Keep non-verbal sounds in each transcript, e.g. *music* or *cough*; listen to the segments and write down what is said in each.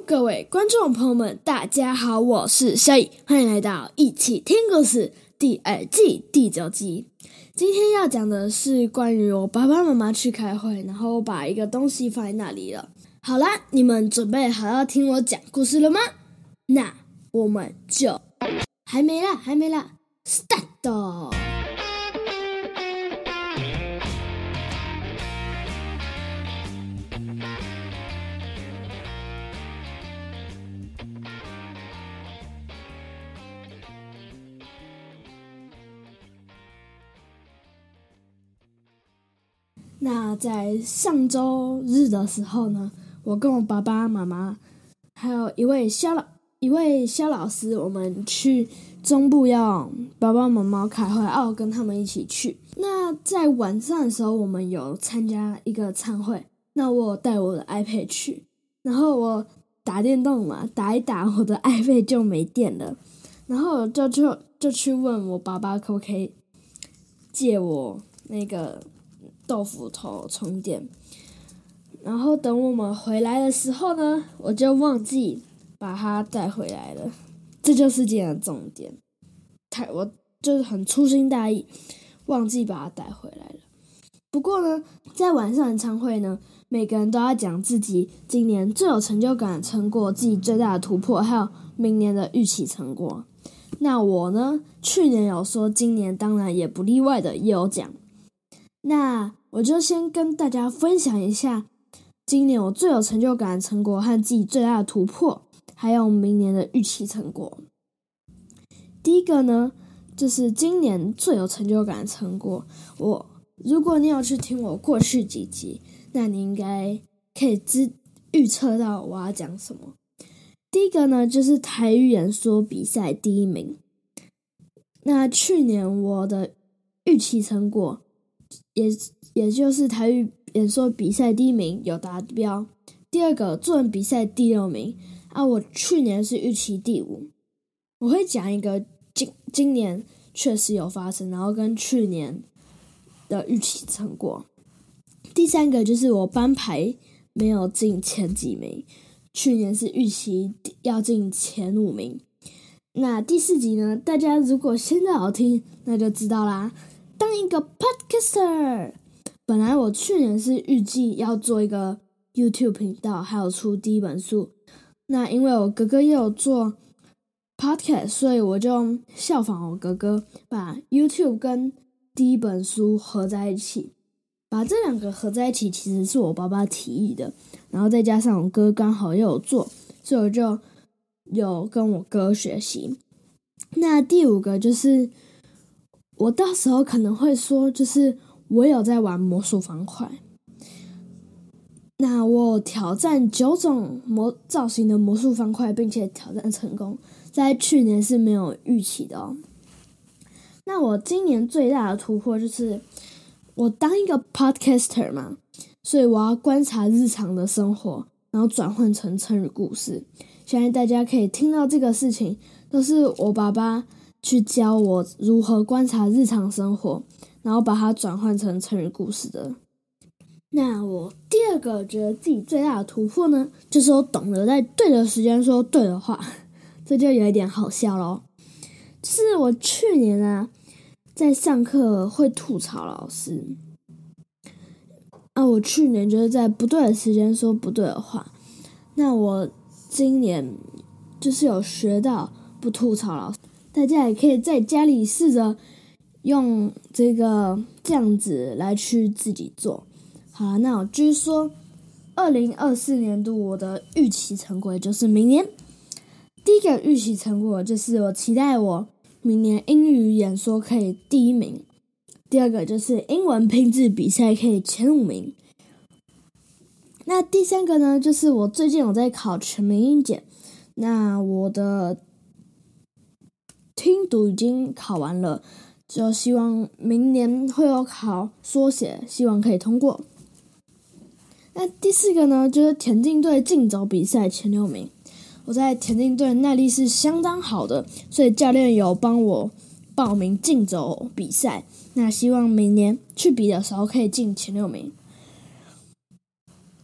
各位觀眾朋友們，大家好，我是小雨，歡迎來到一起聽故事第二季第九集。今天要講的是關於我爸爸媽媽去開會，然後把一個東西放在那裡了。好啦，你們準備好要聽我講故事了嗎？那我們就還沒啦，還沒啦，Start。那在上周日的時候呢，我跟我爸爸媽媽，還有一位肖老一位肖老師，我們去中部要爸爸媽媽開會，哦，跟他們一起去。那在晚上的時候，我們有參加一個餐會，那我帶我的 iPad 去，然後我打電動嘛，打一打，我的 iPad 就沒電了，然後就就就去問我爸爸可不可以借我那個。豆腐頭充電，然後等我們回來的時候呢，我就忘記把它帶回來了。這就是今天的重點，太我就是很粗心大意，忘記把它帶回來了。不過呢，在晚上演唱會呢，每個人都要講自己今年最有成就感成果、自己最大的突破，還有明年的預期成果。那我呢，去年有說，今年當然也不例外的也有講。那我就先跟大家分享一下今年我最有成就感的成果和自己最大的突破，還有明年的預期成果。第一個呢，就是今年最有成就感的成果。我如果你有去聽我過去幾集，那你應該可以知預測到我要講什麼。第一個呢，就是台語演說比賽第一名。那去年我的預期成果。也也就是台語演說比賽第一名有達標，第二個作文比賽第六名啊，我去年是預期第五，我會講一個今今年確實有發生，然後跟去年的預期成果。第三個就是我班排沒有進前幾名，去年是預期要進前五名，那第四集呢？大家如果現在好聽，那就知道啦。一個 podcaster，本來我去年是預計要做一個 YouTube 頻道，還有出第一本書。那因為我哥哥又有做 podcast，所以我就效仿我哥哥，把 YouTube 跟第一本書合在一起。把這兩個合在一起，其實是我爸爸提議的，然後再加上我哥剛好又有做，所以我就有跟我哥學習。那第五個就是。我到時候可能會說，就是我有在玩魔術方塊，那我挑戰九種魔造型的魔術方塊，並且挑戰成功，在去年是沒有預期的哦。那我今年最大的突破就是，我當一個 podcaster 嘛，所以我要觀察日常的生活，然後轉換成成語故事，相信大家可以聽到這個事情，都是我爸爸。去教我如何觀察日常生活，然後把它轉換成成語故事的。那我第二個覺得自己最大的突破呢，就是我懂得在對的時間說對的話，這就有一點好笑咯，是我去年呢、啊、在上課會吐槽老師，啊，我去年就是在不對的時間說不對的話。那我今年就是有學到不吐槽老師。大家也可以在家裡試着用這個這樣子來去自己做好。那我就是說，二零二四年度我的預期成果就是明年第一個預期成果就是我期待我明年英語演說可以第一名，第二個就是英文拼字比賽可以前五名。那第三個呢，就是我最近我在考全民英檢，那我的。聽讀已經考完了，就希望明年會有考縮寫，希望可以通過。那第四個呢，就是田徑隊競走比賽前六名。我在田徑隊耐力是相當好的，所以教練有幫我報名競走比賽。那希望明年去比的時候可以進前六名。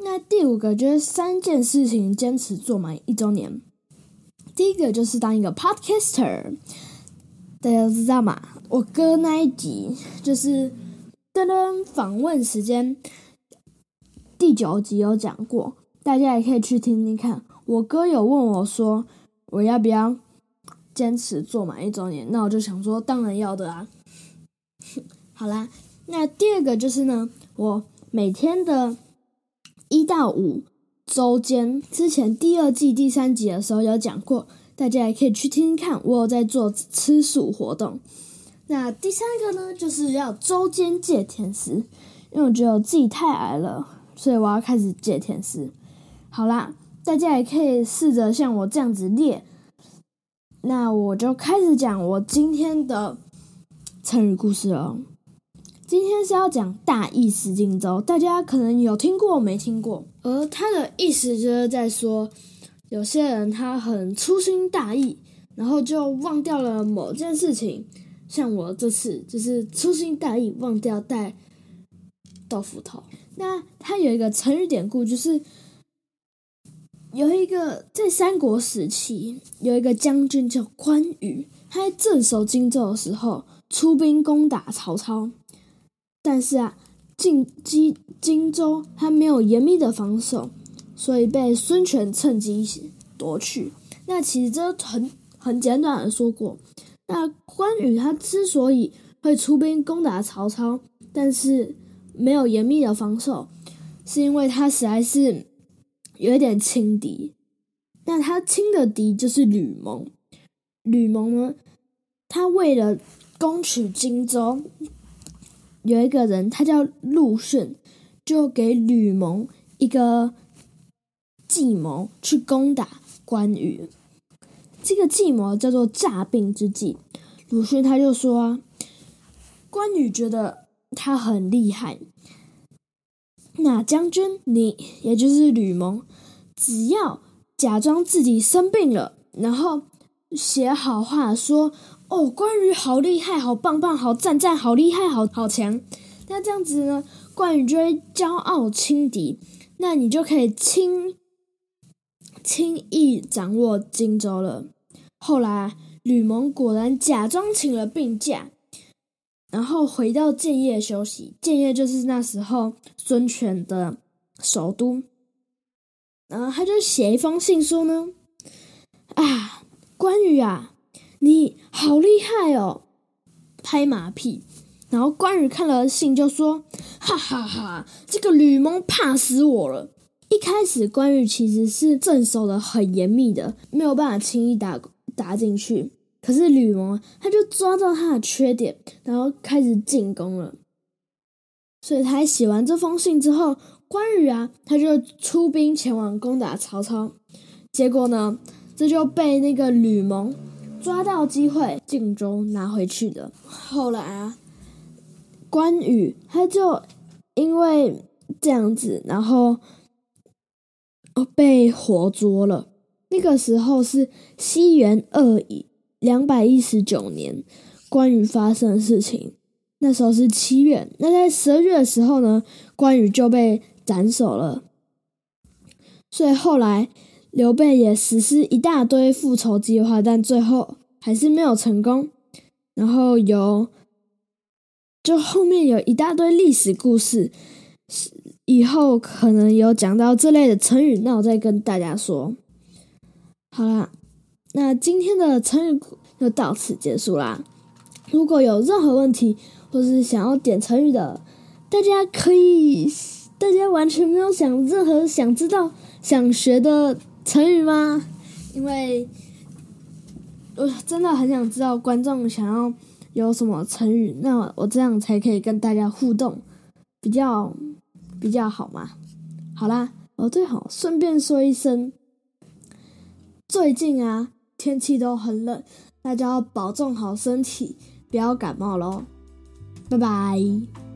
那第五個就是三件事情堅持做滿一周年。第一個就是當一個 podcaster，大家知道嘛？我哥那一集就是噔噔訪問時間第九集有講過，大家也可以去聽聽看。我哥有問我說我要不要堅持做滿一周年，那我就想說當然要的啊。 *laughs* 好啦，那第二個就是呢，我每天的一到五。週間之前第二季第三集的時候有講過，大家也可以去聽聽看。我有在做吃素活動。那第三個呢，就是要週間戒甜食，因為我覺得我自己太矮了，所以我要開始戒甜食。好啦，大家也可以試着像我這樣子練。那我就開始講我今天的成語故事了。今天是要講“大意失荊州”，大家可能有聽過沒聽過？而他的意思就是在說，有些人他很粗心大意，然後就忘掉了某件事情。像我這次就是粗心大意，忘掉帶豆腐頭。那他有一個成語典故，就是有一個在三國時期，有一個將軍叫關羽，他在鎮守荊州的時候，出兵攻打曹操。但是啊，進擊荊州，他沒有嚴密的防守，所以被孫權趁機奪去。那其實這很很簡短的說過。那關羽他之所以會出兵攻打曹操，但是沒有嚴密的防守，是因為他實在是有一點輕敵。那他輕的敵就是呂蒙。呂蒙呢，他為了攻取荊州。有一個人，他叫陸遜，就給呂蒙一個計謀去攻打關羽。這個計謀叫做詐病之計。陸遜他就說、啊：“關羽覺得他很厲害，那將軍你，也就是呂蒙，只要假裝自己生病了，然後寫好話說。”哦，關羽好厲害，好棒棒，好讚讚，好厲害，好好強。那這樣子呢，關羽就驕傲輕敵，那你就可以輕輕易掌握荊州了。後來，呂蒙果然假裝請了病假，然後回到建業休息。建業就是那時候孫權的首都。然後他就寫一封信說呢：“啊，關羽啊。”你好厲害哦！拍馬屁。然後關羽看了信就說：“哈哈哈哈，這個呂蒙怕死我了。”一開始關羽其實是鎮守的很嚴密的，沒有辦法輕易打打進去。可是呂蒙他就抓到他的缺點，然後開始進攻了。所以他寫完這封信之後，關羽啊，他就出兵前往攻打曹操。結果呢，這就被那個呂蒙。抓到機會，荊州拿回去的。後來啊，關羽他就因為這樣子，然後哦被活捉了。那個時候是西元二一兩百一十九年，關羽發生的事情。那時候是七月，那在十二月的時候呢，關羽就被斬首了。所以後來劉備也實施一大堆復仇計劃，但最後。還是沒有成功，然後有，就後面有一大堆歷史故事，以後可能有講到這類的成語，那我再跟大家說。好啦，那今天的成語就到此結束啦。如果有任何問題，或是想要點成語的，大家可以，大家完全沒有想任何想知道、想學的成語嗎？因為。我真的很想知道觀眾想要有什麼成語，那我這樣才可以跟大家互動，比較比較好嘛。好啦，我最好順便說一聲，最近啊，天氣都很冷，大家要保重好身體，不要感冒嘍。拜拜。